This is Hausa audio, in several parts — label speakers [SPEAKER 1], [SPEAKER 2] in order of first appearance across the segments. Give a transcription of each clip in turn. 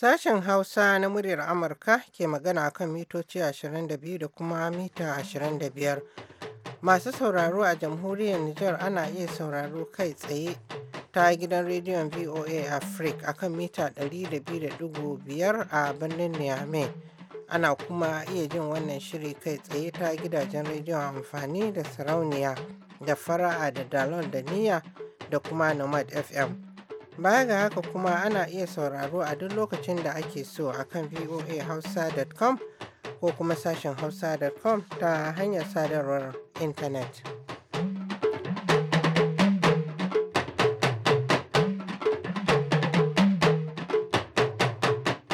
[SPEAKER 1] Sashen Hausa na muryar Amurka ke magana kan mitoci 22 da kuma mita 25. Masu sauraro a jamhuriyar Nijar ana iya sauraro kai tsaye ta gidan rediyon VOA Africa akan mita 200.5 a birnin Niamey. Ana kuma iya jin wannan shiri kai tsaye ta gidajen rediyon amfani da sarauniya da fara'a da dalon da niya da kuma Nomad FM. Baya ga haka kuma ana iya sauraro a duk lokacin da ake so a kan voahausa.com ko kuma sashen hausa.com ta hanyar sadarwar intanet.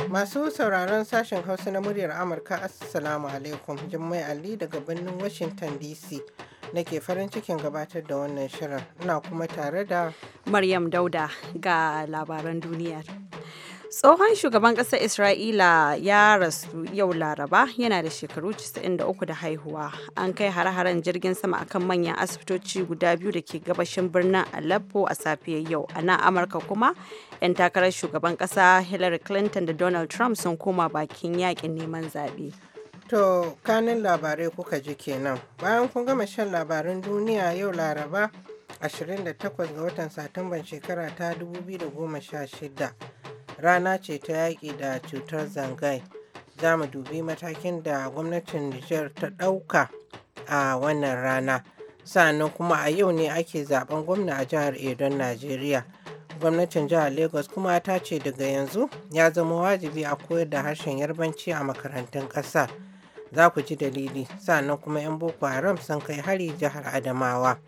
[SPEAKER 1] Masu sauraron sashen Hausa na muryar Amurka Assalamu alaikum Jummai Ali daga birnin Washington DC. nake farin cikin
[SPEAKER 2] gabatar da wannan shirin ina kuma tare da maryam dauda ga labaran duniya tsohon shugaban ƙasar isra'ila ya rasu yau laraba yana da shekaru 93 da haihuwa an kai har haren jirgin sama akan manyan asibitoci guda biyu da ke gabashin birnin aleppo a safiyar yau a nan amurka kuma 'yan takarar shugaban ƙasa hillary clinton da donald trump sun koma bakin yakin neman zaɓe
[SPEAKER 1] To kanin labarai kuka ji kenan. Bayan kun gama shan labarin duniya yau Laraba 28 ga watan Satumban shekara ta 2016 rana ce ta yaƙi da cutar zangai. Za mu dubi matakin da gwamnatin Nijar ta ɗauka a wannan rana. Sannan kuma a yau ne ake zaben gwamna a jihar Edo, Najeriya. gwamnatin jihar lagos kuma ta ce daga yanzu ya zama wajibi a koyar da harshen yarbanci a makarantun ƙasa. za ku ji dalili sannan kuma 'yan boko haram sun kai hari jihar adamawa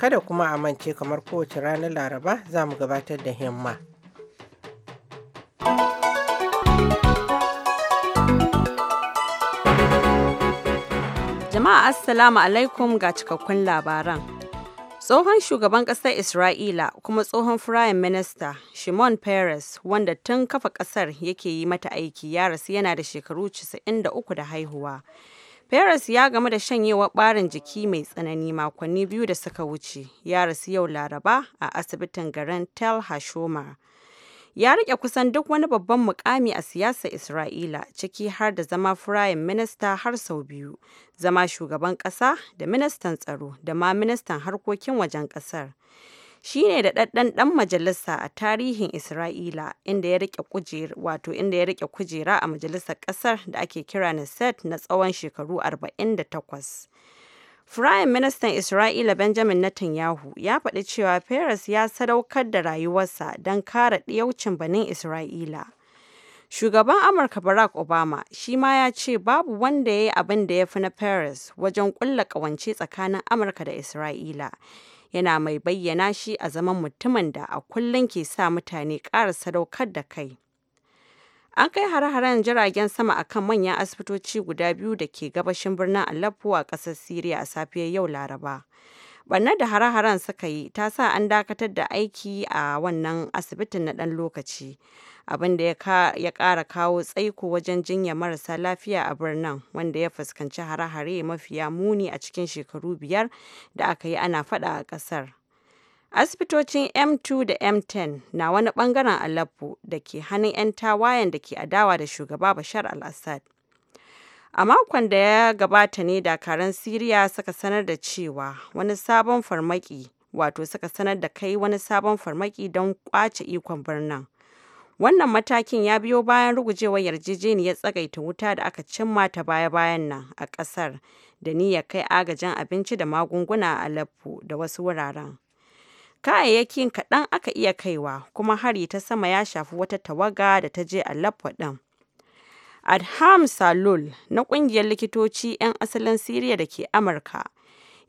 [SPEAKER 1] kada kuma a mance kamar kowace ranar laraba za mu gabatar da himma
[SPEAKER 2] jama'a assalamu alaikum ga cikakkun labaran Tsohon shugaban ƙasar Isra'ila kuma tsohon firayim minista Shimon Peres wanda tun kafa ƙasar yake yi mata aiki ya rasu yana da shekaru 93 da haihuwa. Peres ya gamu da shanyewar ɓarin jiki mai tsanani makonni biyu da suka wuce ya rasu yau Laraba a asibitin garin Tel Hashomer. ya rike kusan duk wani babban mukami a siyasar Isra'ila ciki har da zama firayim minista har sau biyu, zama shugaban kasa da ministan tsaro da ma ministan harkokin wajen kasar Shi ne da ɗaɗɗan ɗan majalisa a tarihin Isra'ila inda ya rike kujera wato inda ya rike kujera a majalisar ƙasar da ake kira set na tsawon shekaru 48. Firayim Ministan Isra'ila Benjamin Netanyahu ya faɗi cewa Peres ya sadaukar da rayuwarsa don kare ɗiyaucin banin Isra'ila. Shugaban Amurka Barack Obama shi ma ya ce babu wanda ya yi abin da ya fi na Peres wajen ƙulla ƙawance tsakanin Amurka da Isra'ila. Yana mai bayyana shi a zaman mutumin da a kullum ke sa mutane ƙara sadaukar da kai. An kai hare-haren jiragen sama a kan manyan asibitoci guda biyu da ke gabashin birnin Aleppo a ƙasar Siriya a safiyar yau Laraba. Bannar da hare-haren suka yi ta sa an dakatar da aiki a wannan asibitin na ɗan lokaci, abin da ya ƙara kawo tsaiko wajen jinya marasa lafiya a birnin wanda ya fuskanci hare-hare mafiya muni a cikin shekaru biyar da aka yi ana faɗa a ƙasar. Asibitocin M2 da M10 na wani bangaren Aleppo da ke hannun 'yan tawayen da ke adawa da shugaba Bashar al-Assad. A makon da ya gabata ne dakaran Siriya suka sanar da cewa wani sabon farmaki wato suka sanar da kai wani sabon farmaki don kwace ikon birnin. Wannan matakin ya biyo bayan rugujewar yarjejeniyar tsagaita wuta da aka cimma ta baya-bayan nan a ƙasar da niyyar kai agajin abinci da magunguna a Aleppo da wasu wuraren. kayayyakin kaɗan aka iya kaiwa kuma hari ta sama ya shafi wata tawaga da ta je Aleppo ɗin. Adham Salul na ƙungiyar likitoci 'yan asalin Siriya da ke Amurka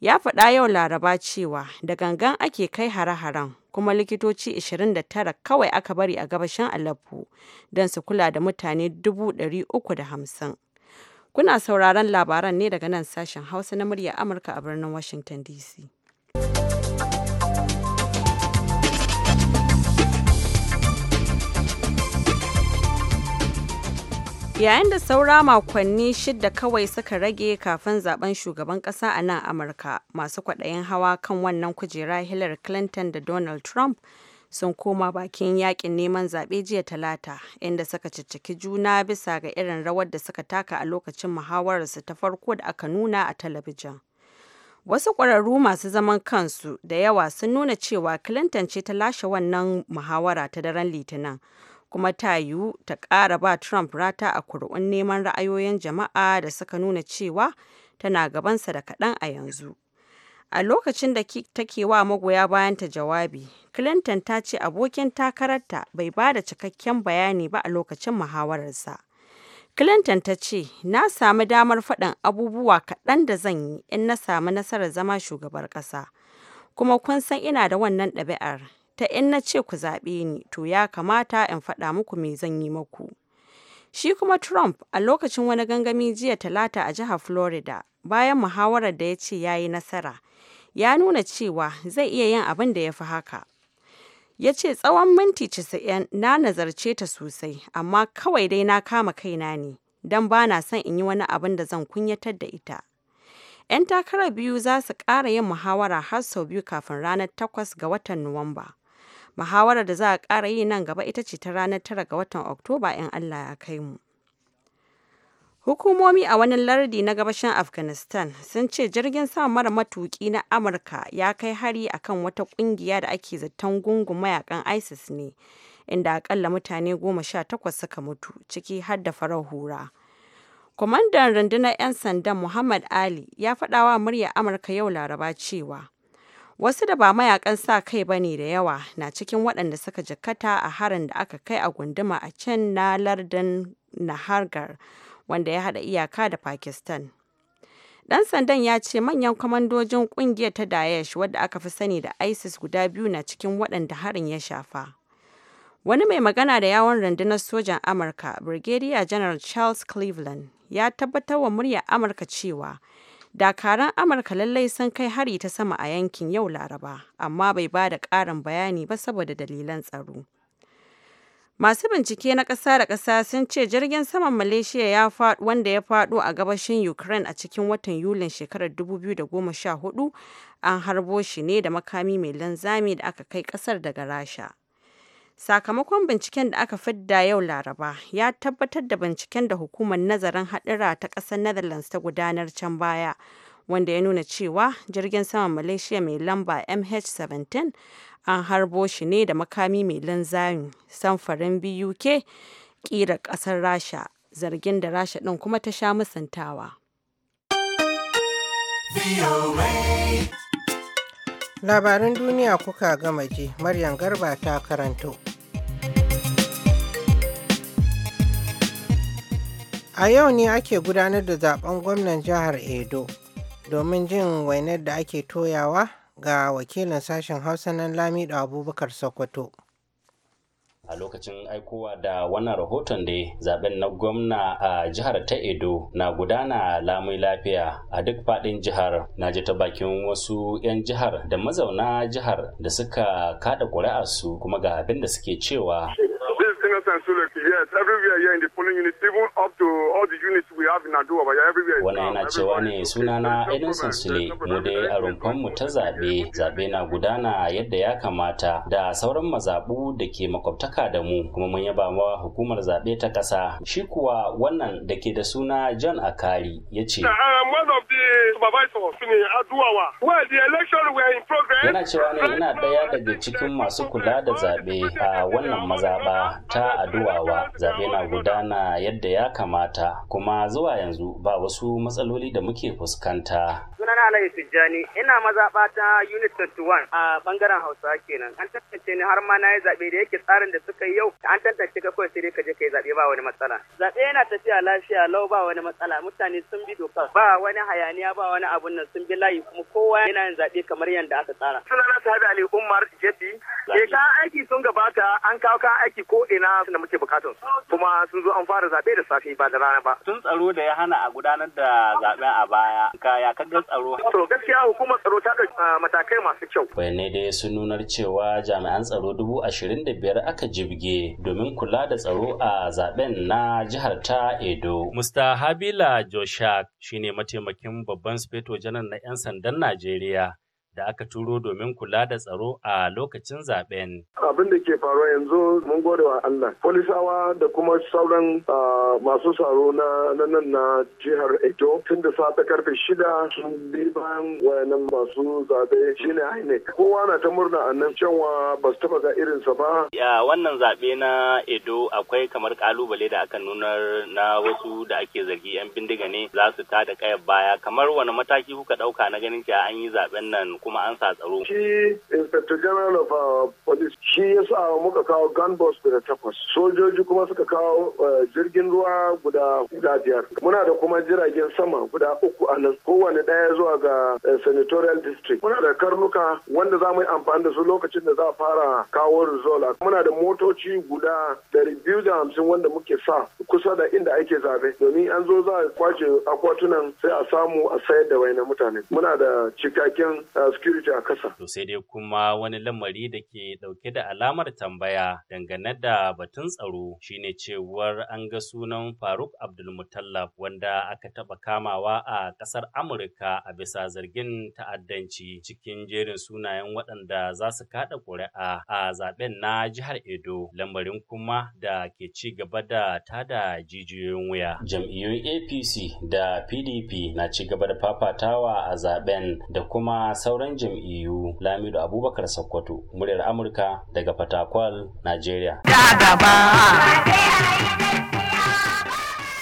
[SPEAKER 2] ya faɗa yau Laraba cewa da gangan ake kai hare-haren kuma likitoci 29 kawai aka bari a gabashin Aleppo don su kula da mutane 350. Kuna sauraron labaran ne daga nan sashen Hausa na murya Amurka a birnin Washington DC. yayin da saura makonni shida kawai suka rage kafin zaben shugaban kasa a nan amurka masu kwaɗayin hawa kan wannan kujera hillary clinton da donald trump sun koma bakin yakin neman zaɓe jiya talata inda suka cicciki juna bisa ga irin rawar da suka taka a lokacin muhawararsu ta farko da aka nuna a talabijin wasu ƙwararru masu zaman kansu da yawa sun nuna cewa clinton ce ta lashe wannan muhawara ta daren litinin kuma ta yiwu ta ƙara ba Trump rata a kuri'un neman ra'ayoyin jama'a da suka nuna cewa tana gabansa da kaɗan a yanzu. A lokacin da take wa magoya bayan ta jawabi, Clinton ta ce abokin takararta bai ba da cikakken bayani ba a lokacin muhawararsa. Clinton ta ce, "Na sami damar faɗin abubuwa kaɗan da zan yi in na sami nasarar zama shugabar ƙasa, kuma kun san ina da wannan ɗabi'ar. ta in na ce ku zaɓe ni to ya kamata in faɗa muku me zan yi muku. Shi kuma Trump a lokacin wani gangami jiya talata a jihar Florida bayan muhawarar da ya ce ya yi nasara ya nuna cewa zai iya yin abin da ya fi haka. Ya ce tsawon minti 90 na nazarce ta sosai amma kawai dai na kama kaina ne don ba na son in yi wani abin da zan kunyatar da ita. 'Yan takarar biyu za su ƙara yin muhawara har sau biyu kafin ranar 8 ga watan Nuwamba. Muhawarar da za a ƙara yi nan gaba ita ce ta ranar tara ga watan Oktoba in Allah ya kai mu. Hukumomi a wani lardi na gabashin Afghanistan sun ce jirgin sama mara matuki na Amurka ya kai hari akan wata kungiya da ake zaton gungun mayakan ISIS ne, inda akalla mutane goma sha takwas suka mutu, ciki har da farar hura. Kwamandan rundunar 'yan sandan Muhammad Ali ya faɗawa murya Amurka yau Laraba cewa Wasu da ba mayakan sa kai ba ne da yawa na cikin waɗanda suka jikkata a harin da aka kai a gunduma a can na lardin Nahargar wanda ya haɗa iyaka da Pakistan. Dan sandan ya ce manyan kwamandojin kungiyar ta Daesh wadda aka fi sani da ISIS guda biyu na cikin waɗanda harin ya shafa. Wani mai magana da yawon rundunar sojan Amurka, Brigadier General Charles Cleveland, ya tabbatar wa muryar Amurka cewa Dakaran Amurka lallai sun kai hari ta sama a yankin yau Laraba, amma bai ba da ƙarin bayani ba saboda dalilan tsaro. Masu bincike na ƙasa da ƙasa sun ce jirgin saman Malaysia ya faɗo wanda ya faɗo a gabashin Ukraine a cikin watan Yulin shekarar 2014 an harbo shi ne da makami mai linzami da aka kai ƙasar daga Rasha. Sakamakon binciken da aka fidda yau Laraba ya tabbatar da binciken da hukumar nazarin hadira ta ƙasar Netherlands ta gudanar can baya, wanda ya nuna cewa jirgin saman Malaysia mai lamba MH17 an harbo shi ne da makami mai linzami samfarin BUK kira kasar Rasha, zargin da Rasha ɗin kuma ta sha musantawa.
[SPEAKER 1] labarin duniya kuka gama ji, Maryam Garba ta karanto. A yau ne ake gudanar da zaben gwamnan jihar Edo domin jin wainar da ake toyawa ga wakilin sashen Hausa na da Abubakar Sokoto.
[SPEAKER 3] a lokacin aikowa da wannan rahoton da zaben na gwamna a jihar ta edo na gudana lamun lafiya a duk fadin jihar na ji ta bakin wasu 'yan jihar da mazauna jihar da suka kada su kuma ga abin da suke cewa
[SPEAKER 4] us and Sulek. Yes, everywhere here in the polling unit even up to all the units we have in Ado, but everywhere. Wannan yana
[SPEAKER 3] cewa ne sunana Edinson Sule, mu dai a ta zabe, zabe na gudana yadda ya kamata da sauran mazabu da ke makwabtaka da mu, kuma mun yaba ma hukumar zabe ta kasa. Shi kuwa wannan da ke da suna John Akari ya ce.
[SPEAKER 5] Yana cewa ne yana
[SPEAKER 3] ɗaya daga cikin masu kula da zabe a wannan mazaba ta ta wa zaɓe na gudana yadda ya kamata kuma zuwa yanzu ba wasu matsaloli da muke fuskanta.
[SPEAKER 5] Sunana Alayi Tijjani ina mazaɓa ta Unit 21 a bangaren Hausa kenan. An tantance ni har ma na yi zaɓe da yake tsarin da suka yi yau an tantance ka kawai sai ka je ka yi zaɓe ba wani matsala. Zaɓe yana tafiya lafiya lau ba wani matsala mutane sun bi doka ba wani hayaniya ba wani abun nan sun bi layi kuma kowa yana yin zaɓe kamar yadda aka tsara. Sunana Sahabi Ali Umar Jefi. Ke kayan aiki sun gabata an kawo kayan
[SPEAKER 6] aiki ko ina da muke bukatun kuma sun zo an fara zaɓe da safe ba da rana ba. Tun tsaro da ya hana a gudanar da zaɓen a baya ka ya kaga tsaro. To gaskiya hukumar tsaro ta ɗauki ah,
[SPEAKER 3] matakai masu kyau. Bayanai dai sun nunar cewa jami'an tsaro dubu ashirin da biyar aka jibge domin kula da tsaro a zaɓen na jihar ta Edo. Mr. Habila Joshak shine mataimakin babban sufeto janar na 'yan sandan Najeriya. da aka turo domin kula da tsaro a lokacin zaben.
[SPEAKER 4] Abin da ke faruwa yanzu mun gode wa Allah. Polisawa da kuma sauran masu tsaro na nan na jihar Edo tun da safe karfe shida sun bi bayan wayanan masu zaɓe ne INEC. Kowa na ta murna a nan cewa ba su taba ga irinsa ba.
[SPEAKER 3] Ya wannan zaɓe na Edo akwai kamar kalubale da aka nunar na wasu da ake zargi 'yan bindiga ne za su ta da kayan baya kamar wani mataki kuka ɗauka na ganin ki an yi zaɓen nan kuma an sa tsaro.
[SPEAKER 4] Shi Inspector General of uh, Police shi ya sa muka kawo gun da guda takwas. Sojoji kuma suka kawo uh, jirgin ruwa guda guda biyar. Muna da kuma jiragen sama guda uku a nan kowane ɗaya zuwa ga uh, senatorial district. Muna da karnuka wanda za mu yi amfani da su lokacin da za a fara kawo rizola. Muna da motoci guda dari biyu da hamsin wanda muke sa kusa da inda ake zaɓe. domin an zo za a kwace akwatunan sai a samu a sayar da waina mutane. Muna da cikakken security a kasa. To sai dai
[SPEAKER 3] kuma wani lamari da ke ɗauke da alamar tambaya dangane da batun tsaro shine cewar an ga sunan Faruk Abdulmutallab wanda aka taɓa kamawa a ƙasar Amurka a bisa zargin ta'addanci cikin jerin sunayen waɗanda za su kaɗa ƙuri'a a zaɓen na jihar Edo lamarin kuma da ke ci gaba da tada jijiyoyin wuya. Jam'iyyun APC da PDP na ci gaba da fafatawa a zaɓen da kuma sauran sauran jam'iyyu Lamido Abubakar Sokoto muryar Amurka daga Fatakwal, Najeriya.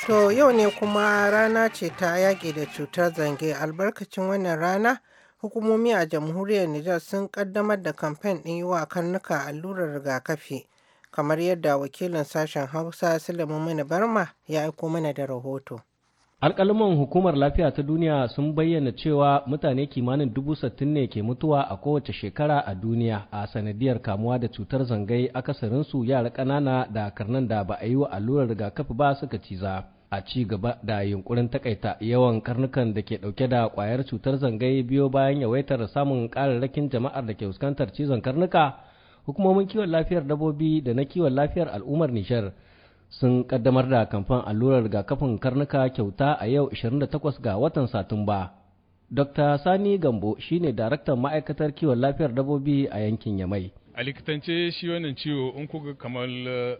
[SPEAKER 1] To yau ne kuma rana ce ta yaƙi da cutar zange albarkacin wannan rana hukumomi a jamhuriyar Nijar sun kaddamar da kamfen ɗin yi wa karnuka allurar rigakafi kamar yadda wakilin sashen Hausa Sulaiman Barma ya aiko mana da rahoto.
[SPEAKER 6] alƙalman hukumar lafiya ta duniya sun bayyana cewa mutane kimanin dubu sittin ne ke mutuwa a kowace shekara a duniya a sanadiyar kamuwa da cutar zangai akasarinsu yara ƙanana da karnan da ba a yi wa allurar rigakafi ba suka ciza a ci gaba da yunkurin takaita yawan karnukan da ke dauke da kwayar cutar zangai biyo bayan yawaitar samun kararrakin jama'ar da ke fuskantar cizon karnuka hukumomin kiwon lafiyar dabbobi da na kiwon lafiyar al'ummar nishar sun kaddamar da kamfan allurar rigakafin karnuka kyauta a yau 28 ga watan Satumba. Dr. Sani Gambo shine daraktan ma'aikatar kiwon lafiyar dabbobi a yankin Yamai.
[SPEAKER 7] A likitance shi wannan ciwo in kuka kamar uh,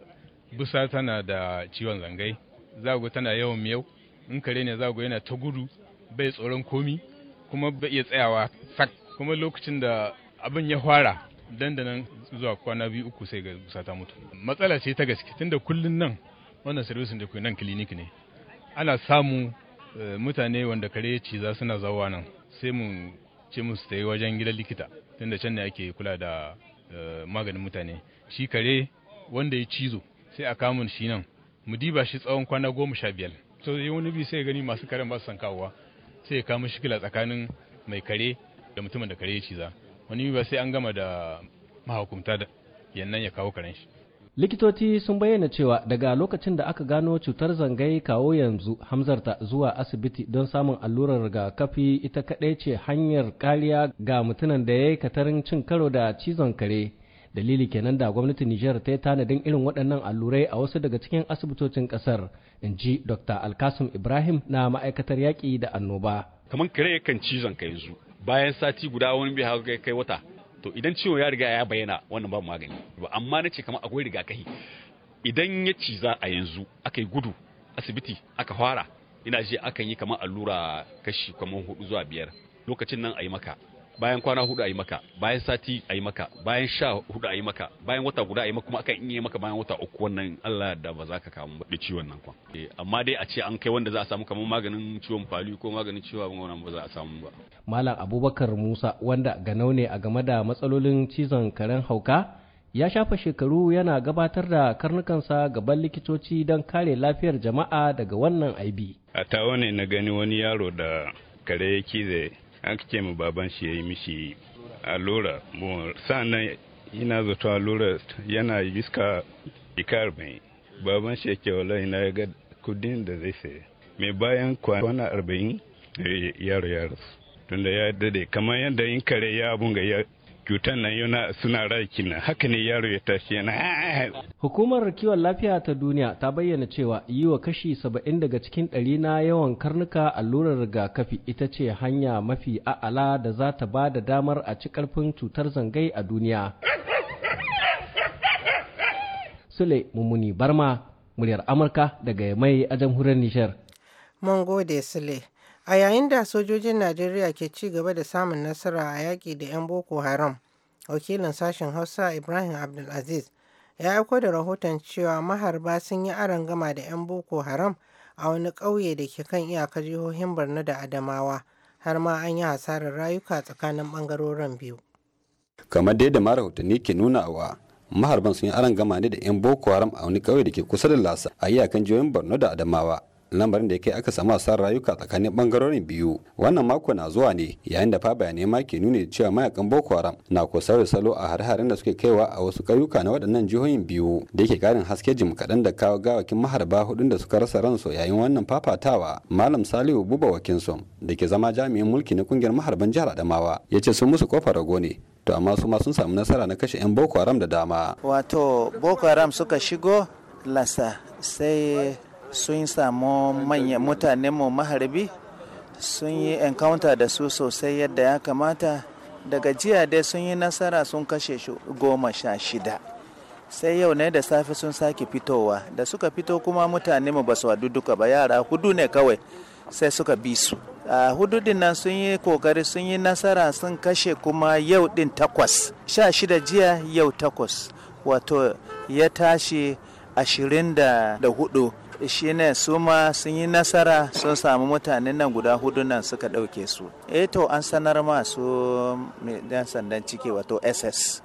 [SPEAKER 7] busa tana da ciwon zangai, zago tana yawan miyau, in kare ne zago yana ta gudu bai tsoron komi kuma bai iya tsayawa sak kuma lokacin da abin ya fara dandanan zuwa kwana biyu uku sai ga gusa ta mutu matsala ce ta gaske tunda kullun nan wannan service da kuwa nan kilinik ne ana samu eh, mutane wanda kare ci za suna zawa nan sai mu ce musu tayi wajen gidan likita tunda can ne ake kula da eh, maganin mutane shi kare wanda ya cizo sai a kamun shi nan mu diba shi tsawon kwana goma sha biyar to yi wani bi sai gani masu karen ba su san kawowa sai ya kama shikila tsakanin mai kare da mutumin da kare ya ciza wani ba sai an gama da mahukunta da yannan ya kawo karen shi
[SPEAKER 6] likitoci sun bayyana cewa daga lokacin da aka gano cutar zangai kawo yanzu hamzarta zuwa asibiti don samun allurar rigakafi ita kaɗai ce hanyar kariya ga mutunan da ya yi katarin cin karo da cizon kare dalili kenan da gwamnatin Nijar ta yi tanadin irin waɗannan allurai a wasu daga cikin asibitocin ƙasar in ji Dr. Alkasim Ibrahim na ma'aikatar yaƙi da annoba. Kamar kare yakan cizon ka yanzu
[SPEAKER 4] bayan sati guda wani bai haka kai wata to idan ciwon ya riga ya bayyana wannan babu magani amma na ce kamar akwai rigakafi idan ya ciza a yanzu aka yi gudu asibiti aka fara ina ji akan yi kamar allura kashi kamar hudu zuwa biyar lokacin nan a yi maka bayan kwana hudu a yi maka bayan sati a yi maka bayan sha hudu a yi maka bayan wata guda a yi maka kuma akan iya maka bayan wata uku wannan Allah da ba za ka kamu da ciwon nan kwan eh, amma dai a ce an kai wanda za a samu kamar maganin ciwon fali ko maganin ciwon wannan ba za a samu ba
[SPEAKER 6] Malam Abubakar Musa wanda ganau ne a game da matsalolin cizon karen hauka ya shafa shekaru yana gabatar da karnukansa gaban likitoci don kare lafiyar jama'a daga wannan aibi.
[SPEAKER 4] A tawo ne na gani wani yaro da kare ya kize aka ce mu baban shi ya yi mishi allura sa'annan ina zato allura yana iska ikar mai baban shi yake wallahi ya ga kudin da zai saya mai bayan kwana arba'in eh, yaro ya rasu tunda ya dade kamar yadda in kare ya abunga cutar nan yana suna raki na haka ne yaro ya tashi yana
[SPEAKER 6] ah! hukumar kiwon lafiya ta duniya ta bayyana cewa yi wa kashi saba'in daga cikin ɗari na yawan karnuka allurar rigakafi ita ce hanya mafi a'ala da za ta ba da damar a ci karfin cutar zangai a duniya sule mummuni barma muryar amurka daga mai a jamhuriyar nishar
[SPEAKER 1] mun gode sule A yayin da sojojin Najeriya ke ci gaba da samun nasara a yaƙi da 'yan Boko Haram, wakilin sashen Hausa Ibrahim Abdulaziz ya aiko da rahoton cewa maharba sun yi aron gama da 'yan Boko Haram a wani ƙauye da ke kan iyakar jihohin Borno da Adamawa, har ma an yi hasarar rayuka tsakanin bangarorin biyu.
[SPEAKER 4] Kamar dai da rahotanni ke nunawa, maharban sun yi aron gama ne da 'yan Boko Haram a wani ƙauye da ke kusa da Lasa a iyakan jihohin Borno da Adamawa. lambarin da ya aka samu asarar rayuka tsakanin bangarorin biyu wannan mako na zuwa ne yayin da fa bayanai ma ke nuni cewa mayakan boko haram na kusa da salo a har-harin da suke kaiwa a wasu ƙauyuka na waɗannan jihohin biyu da yake garin haske jim kaɗan da kawo gawakin maharba hudun da suka rasa ransu yayin wannan fafatawa malam salihu buba wakinsu da ke zama jami'in mulki na kungiyar maharban jihar adamawa ya ce sun musu kofar rago ne to amma su ma sun samu nasara na kashe 'yan boko haram da dama
[SPEAKER 8] wato boko haram suka shigo lasa sai sun samu manyan mutanenmu maharbi sun yi encounter da su sosai yadda ya kamata daga jiya dai sun yi nasara sun kashe goma sha shida sai yau ne da safe sun sake fitowa da suka fito kuma mutane mu ba su duka ba yara hudu ne kawai sai suka bi su a hudu din nan sun yi kokari sun yi nasara sun kashe kuma yau din takwas sha shida jiya yau takwas wato ya tashi ashirin da hudu shi ne su ma sun yi nasara sun samu mutanen nan guda hudu nan suka ɗauke su eto eh an sanar masu su dan sandan ciki wato ss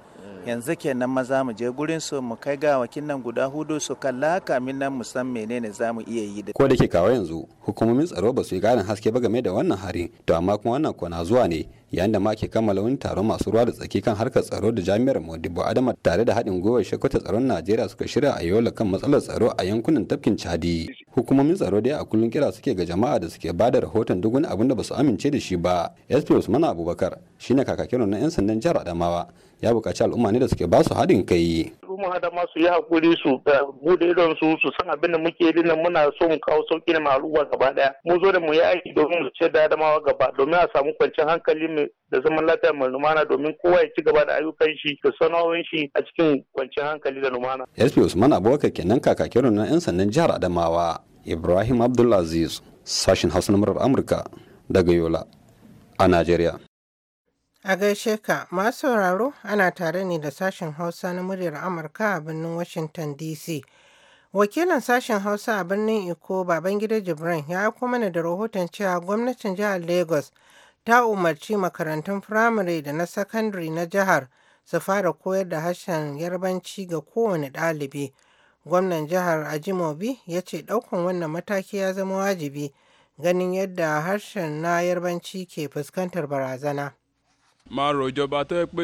[SPEAKER 8] yanzu kenan maza mu je gurin su mu kai ga gawakin nan guda hudu su kalla kamin nan mu san menene za mu iya yi da ko da
[SPEAKER 4] ke kawo yanzu hukumomin tsaro ba su yi ganin haske ba game da wannan hari to amma kuma wannan kona zuwa ne yayin da ma ke kammala wani taron masu ruwa da tsaki kan harkar tsaro da jami'ar Modibo Adama tare da haɗin gwiwar shakwata tsaron Najeriya suka shirya a yola kan matsalar tsaro a yankunan tafkin Chadi. Hukumomin tsaro dai a kullum kira suke ga jama'a da suke bada rahoton duk wani abin da ba su amince da shi ba. SP Usman Abubakar shine kakakin na 'yan sandan jihar Adamawa ya buƙaci al'umma ne da suke ba su haɗin kai.
[SPEAKER 5] al'umma da masu yi hakuri su bude idon su su san abin da muke yi muna so mu kawo sauki ne al'umma gaba daya mu zo da mu yi aiki domin mu ce da adamawa gaba domin a samu kwanciyar hankali da zaman lafiya mai lumana domin kowa ya ci gaba da ayyukan shi da sana'o'in shi a cikin kwanciyar hankali da lumana.
[SPEAKER 4] SP Usman Abubakar kenan kakakin na 'yan sandan jihar Adamawa Ibrahim Abdulaziz sashin Hausa na Amurka daga Yola a Najeriya.
[SPEAKER 1] A gaishe ka, masu sauraro ana tare ne da sashen Hausa na muryar Amurka a birnin Washington DC. Wakilin sashen Hausa a birnin Iko Babangida Jibran ya kuma mana da rahoton cewa gwamnatin jihar Lagos ta umarci makarantun firamare da na sakandare na jihar su fara koyar da harshen yarbanci ga kowane ɗalibi. Gwamnan jihar Ajimobi ya ce ɗaukan wannan mataki ya zama wajibi ganin yadda harshen na yarbanci ke fuskantar barazana.
[SPEAKER 9] máa rọ ìjọba tó pé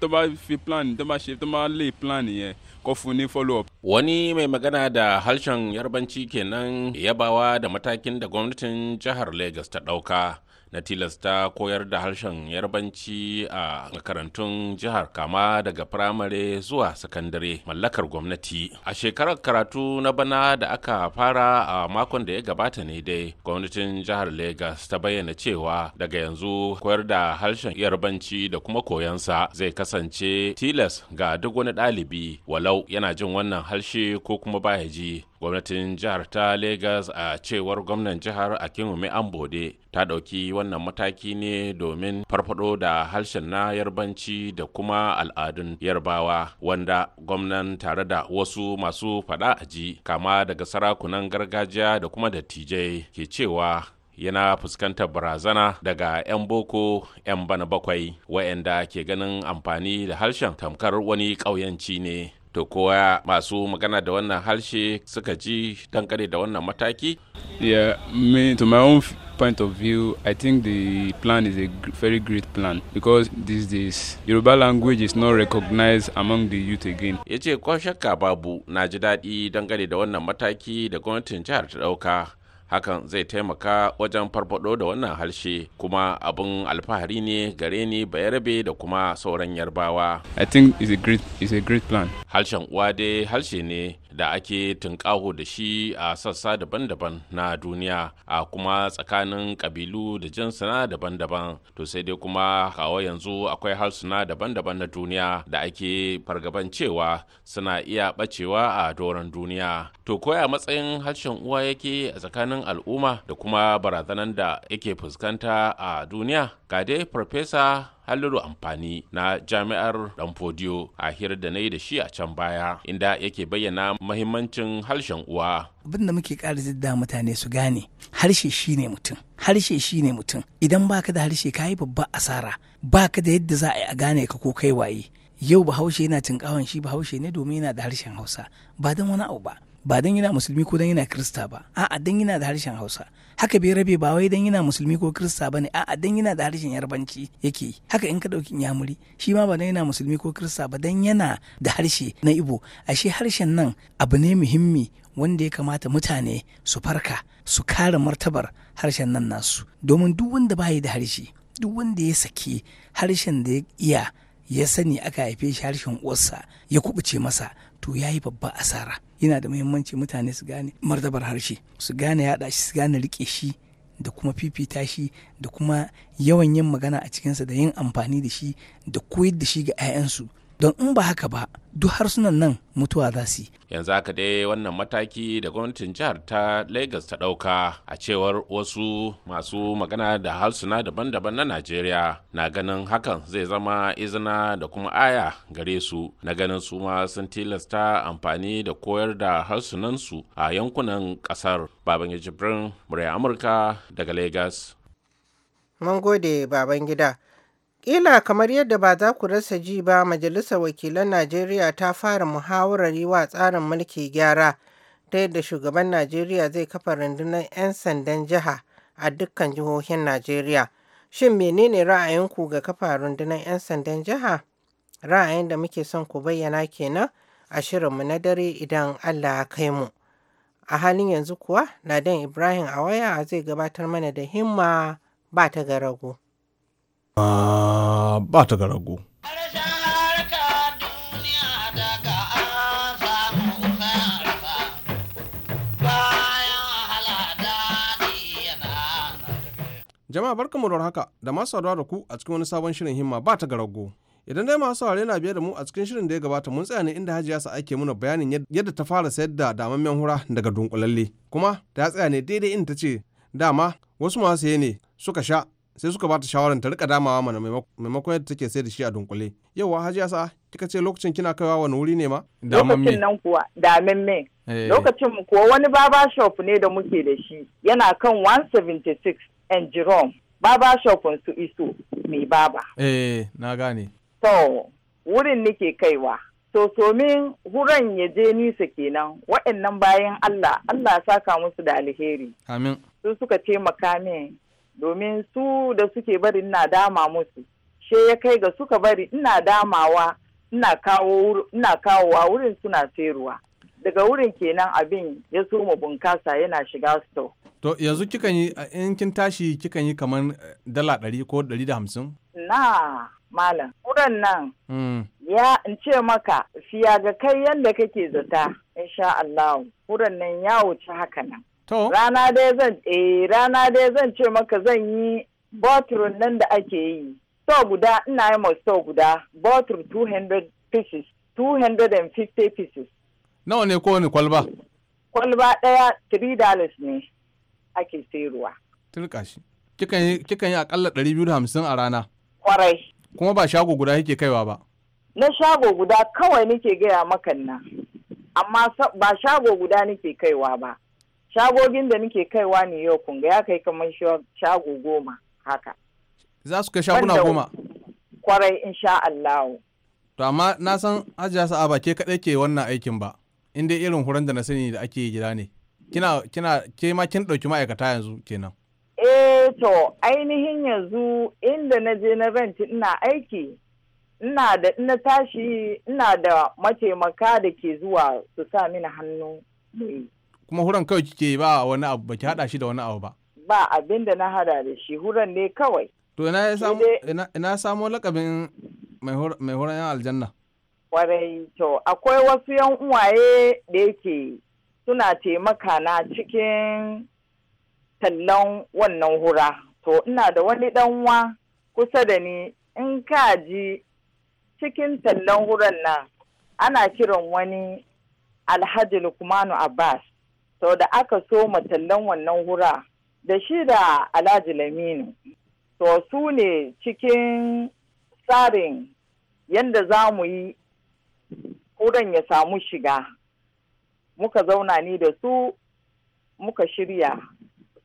[SPEAKER 9] tó bá fi plan tó bá ṣe tó bá lè plan yẹn kó fún ní follow up. wani mai magana da harshen yarbanci kenan yabawa da matakin da gwamnatin jihar lagos ta ɗauka na tilasta koyar da harshen yarbanci a makarantun jihar kama daga firamare zuwa sakandare mallakar gwamnati a shekarar karatu na bana da aka fara a makon da ya gabata ne dai gwamnatin jihar lagos ta bayyana cewa daga yanzu koyar da harshen yarbanci da kuma koyansa zai kasance tilas ga duk wani ɗalibi walau yana jin wannan harshe ko kuma baya ji gwamnatin jihar ta lagos a cewar gwamnan jihar akinwumi ambode ta ɗauki wannan mataki ne domin farfado da harshen na yarbanci da kuma al'adun yarbawa wanda gwamnan tare da wasu masu fada a ji kama daga sarakunan gargajiya da kuma dattijai ke cewa yana fuskantar barazana daga 'yan boko 'yan bana bakwai wa'anda ke ganin amfani da harshen tamkar wani ƙauyanci ne to kowa masu magana da wannan harshe suka ji dangane da wannan mataki yeah me to my own point of view i think the plan is a very great plan because these days yoruba language is not recognized among the youth again ya ce ko babu na ji daɗi dangane da wannan mataki da gwamnatin jihar ta ɗauka hakan zai taimaka wajen farfado da wannan harshe kuma abin alfahari ne gare ni bayarabe da kuma sauran yarbawa i think it's a great, it's a great plan harshen uwa dai harshe ne da ake tunƙaho da shi a sassa daban-daban na duniya a kuma tsakanin kabilu da jinsuna daban-daban to sai dai kuma kawo yanzu akwai harsuna daban-daban na duniya da ake fargaban cewa suna iya ɓacewa a doron duniya to koya matsayin harshen uwa yake a tsakanin al'umma da kuma barazanan da yake fuskanta a duniya ga dai farfesa halliru amfani na jami'ar danfodiyo a hirar da na yi da shi a can baya inda yake bayyana mahimmancin harshen uwa
[SPEAKER 10] abin da muke ƙara zidda mutane su gane harshe shine mutum harshe shine mutum idan baka da harshe ka yi babba asara baka da yadda za a yi a gane ka ko kai waye yau bahaushe yana tinkawan shi bahaushe ne domin yana da harshen hausa ba don wani abu ba ba dan yana musulmi ko dan yana krista ba a'a dan yana da harshen hausa haka bai rabe ba wai dan yana musulmi ko krista ne. a'a dan yana da harshen yarbanci yake haka in ka dauki yamuri shi ma ba dan yana musulmi ko krista ba dan yana da harshe na ibo ashe harshen nan abu ne muhimmi wanda ya kamata mutane su farka su kare martabar harshen nan nasu domin duk wanda ba da harshe duk wanda ya saki harshen da ya iya ya sani aka haife shi harshen uwarsa ya kubuce masa to ya yi babba asara yana da muhimmanci mutane su gane martabar harshe su gane yaɗa shi su gane rike shi da kuma fifita shi da kuma yawan yin magana a cikinsa da yin amfani da shi da koyar da shi ga 'ya'yansu don in ba haka ba duk harsunan nan mutuwa za su yi.
[SPEAKER 9] Yanzu haka dai wannan mataki da gwamnatin jihar ta Lagos ta ɗauka a cewar wasu masu magana da harsuna daban-daban na Najeriya na ganin hakan zai zama izina da kuma aya gare su na ganin su ma sun tilasta amfani da koyar da harsunansu a yankunan kasar Baban Jibrin, Murya Amurka daga Lagos.
[SPEAKER 1] Mun gode gida. Ƙila kamar yadda ba za ku rasa ji ba Majalisar Wakilan Najeriya ta fara muhawarar yi wa tsarin mulki gyara ta yadda shugaban Najeriya zai kafa rundunar 'yan sandan jiha a dukkan jihohin Najeriya. Shin menene ra'ayinku ga kafa rundunar 'yan sandan jiha? Ra'ayin da muke son ku bayyana kenan a shirinmu na dare idan Allah ya kai mu. A halin yanzu kuwa, nadan Ibrahim a waya zai gabatar mana da himma ba ta garago.
[SPEAKER 7] Uh, ba ta ga rago. Jama'a barkamu da haka da masu saduwa da ku a cikin wani sabon shirin himma ba ta garago. Idan dai masu saurare na biye da mu a cikin shirin da ya gabata mun tsaya ne inda Hajiya sa ake muna bayanin yadda ta fara sayar da damammen hura daga dunkulalle. Kuma ta tsaya ne daidai inda ta ce dama wasu masu saye ne suka sha sai suka bata shawarar ta rika damawa mana maimakon yadda take sai da shi a dunkule
[SPEAKER 5] yauwa hajiya sa kika ce lokacin kina kaiwa wani wuri ne ma lokacin nan kuwa damin me eh. lokacin mu kuwa wani baba shop ne da muke da shi yana kan 176 and jerome baba shopin su iso mai baba
[SPEAKER 7] eh na gane
[SPEAKER 5] to wurin nake kaiwa to domin huran ya je nisa kenan waɗannan bayan Allah Allah saka musu da alheri amin su suka taimaka min domin su da suke bari ina dama musu she ya kai ga suka bari ina damawa ina kawo ina kawowa wurin suna sayarwa daga wurin kenan abin ya soma bunkasa yana shiga sto
[SPEAKER 7] to yanzu kikan yi in kin tashi kikan yi kamar eh, dala ɗari ko ɗari da hamsin
[SPEAKER 5] na malam wurin nan hmm. ya in ce maka fiya ga kai yadda kake zata insha Allah wurin nan ya wuce haka nan Rana dai zan eh rana dai zan ce maka zan yi botrun nan da ake yi. So guda ina yi mai so guda botru 200 pieces 250 pieces.
[SPEAKER 7] Nawa ne kowane kwalba?
[SPEAKER 5] Kwalba ɗaya 3 dollars ne ake sayarwa.
[SPEAKER 7] Turka shi. Kikan yi akalla 250 a rana. Kwarai. Kuma ba shago guda yake kaiwa ba.
[SPEAKER 5] na shago guda kawai nake gaya makan nan amma ba shago guda nake kaiwa ba shagogin da nake kaiwa ne yau kunga ya kai kamar shago goma haka
[SPEAKER 7] za su kai shaguna goma
[SPEAKER 5] kwarai insha Allah
[SPEAKER 7] to amma na san hajiya sa'a ba ke kaɗai ke wannan aikin ba inda irin huran da na sani da ake gida ne kina kina ke ma kin ɗauki ma'aikata yanzu kenan
[SPEAKER 5] eh to ainihin yanzu inda na je na renti ina aiki ina da ina tashi ina da mataimaka da ke zuwa su sa mini hannu
[SPEAKER 7] kuma huran kawai kike ba wani abu ba ki hada shi da wani abu ba
[SPEAKER 5] ba abin da na hada da shi huran ne kawai
[SPEAKER 7] to ina ya samu ina samo lakabin mai huran yan aljanna
[SPEAKER 5] kwarai to akwai wasu yan uwaye da yake suna taimaka na cikin tallan wannan hura to ina da wani uwa kusa da ni in ka ji cikin tallan huran nan ana kiran wani alhaji lukmanu abbas sau da aka so matallan wannan hura da shi da alhaji laminu to su ne cikin tsarin yadda za mu yi huran ya samu shiga muka zauna ni da su muka shirya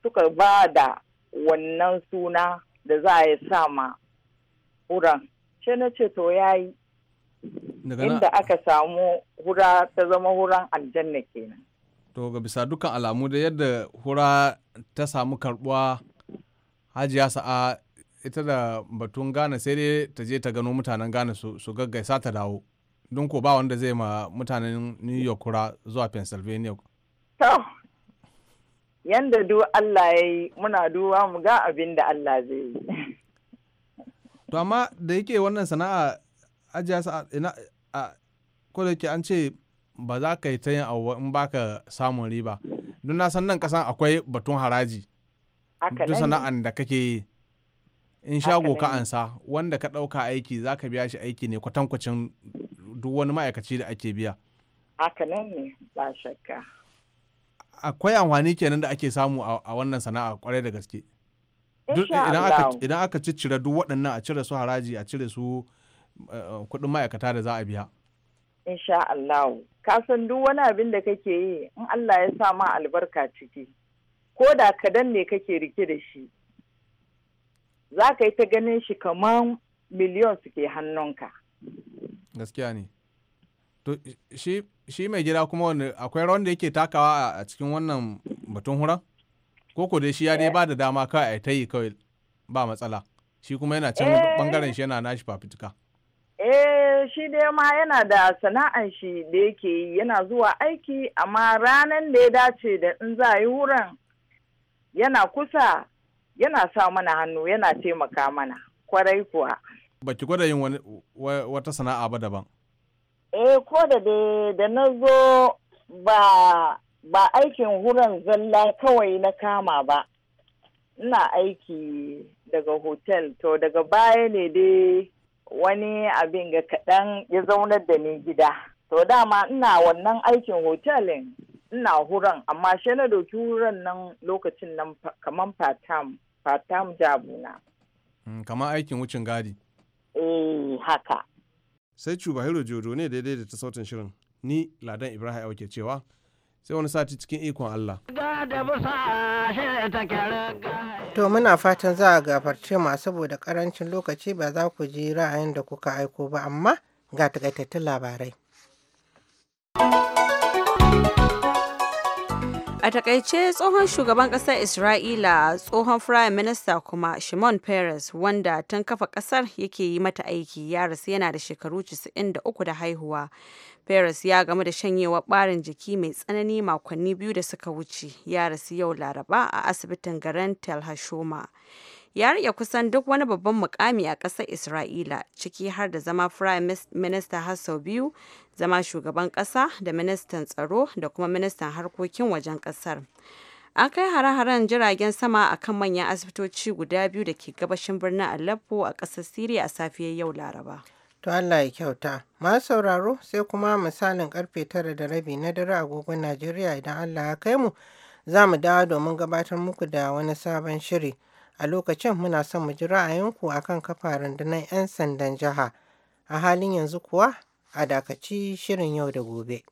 [SPEAKER 5] suka ba da wannan suna da za a yi sama huran ce na ce to yi inda aka samu hura ta zama huran aljanna kenan
[SPEAKER 7] to ga bisa dukkan alamu da yadda hura ta samu karbuwa hajiya sa'a ita da batun gane sai dai ta je ta gano mutanen gane su gaggaisa ta dawo don ko ba wanda zai ma mutanen new york kura zuwa pennsylvania
[SPEAKER 5] to yanda du allah ya yi muna duwa mu ga abin da allah zai yi
[SPEAKER 7] to amma da yake wannan sana'a ajiya sa'a ina a ko da yake an ce ba za ka yi ta yin abu in baka samun riba don na san nan kasan akwai batun haraji duk sana'an da kake yi in shago ka ansa wanda ka ɗauka aiki za ka biya shi aiki ne kwatankwacin duk wani ma'aikaci da ake biya
[SPEAKER 5] hakanan ne ba shakka
[SPEAKER 7] akwai amfani kenan da ake samu a wannan sana'a kwarai da gaske idan aka ciccire duk waɗannan a cire su haraji a cire su eh, eh, kuɗin ma'aikata da za a biya
[SPEAKER 5] insha Allah ka san duk wani abin da kake yi in Allah ya sa ma albarka ciki ko da kadan ne kake rike da shi za ka yi ta ganin shi kamar miliyon suke hannunka
[SPEAKER 7] gaskiya ne to shi mai gida kuma wani akwai rawan da yake takawa a cikin wannan batun hura ko ko dai shi ya dai eh. ba da dama kawai a ta yi kawai ba matsala shi kuma yana can bangaren eh. shi yana nashi fafitika
[SPEAKER 5] Eh shi dai ma yana da sana'an shi da yake yi yana zuwa aiki amma ranan da ya dace da in za yi wurin yana kusa yana sa mana hannu yana taimaka mana kwarai kuwa.
[SPEAKER 7] Ba ki gwada yin wata sana'a ba daban?
[SPEAKER 5] Eh ko da da na zo ba ba aikin wurin zalla kawai na kama ba. Ina aiki daga hotel to daga baya ne dai wani abin ga kaɗan ya zaunar da ni gida. To dama ina wannan aikin hotelin ina huran amma shi na doki huran nan lokacin nan kamar fatam jabuna.
[SPEAKER 7] Kamar aikin wucin gadi.
[SPEAKER 5] Eh haka.
[SPEAKER 7] Sai Cuba Hiro Jodo ne daidai da ta sautin shirin. Ni Ladan Ibrahim Auke cewa sai wani sati cikin ikon Allah.
[SPEAKER 10] To
[SPEAKER 1] muna fatan za a gafarce ma saboda karancin lokaci ba za ku ji ra'ayin da kuka aiko ba amma ga takaitattun labarai.
[SPEAKER 2] A takaice tsohon shugaban ƙasar Isra'ila tsohon Prime Minister kuma Shimon Peres wanda tun kafa kasar yake yi mata aiki ya rasu yana da shekaru 93 da haihuwa. Peres ya gamu da shanyewa ɓarin jiki mai tsanani makonni biyu da suka wuce ya rasu yau Laraba a asibitin garin Tel ya rike kusan duk wani babban mukami a ƙasar Isra'ila ciki har da zama Prime Minister har sau biyu, zama shugaban ƙasa da ministan tsaro da kuma ministan harkokin wajen ƙasar. An kai hare-haren jiragen sama a kan manyan asibitoci guda biyu da ke gabashin birnin Aleppo a ƙasar Siriya a safiyar yau Laraba.
[SPEAKER 1] To Allah ya kyauta. masu sauraro sai kuma misalin karfe tara da rabi na dare agogon Najeriya idan Allah ya kai mu za mu dawo domin gabatar muku da wani sabon shiri. A lokacin muna son mu ji ra'ayinku a kan kafa rundunar 'yan sandan jiha. A halin yanzu kuwa a dakaci shirin yau da gobe.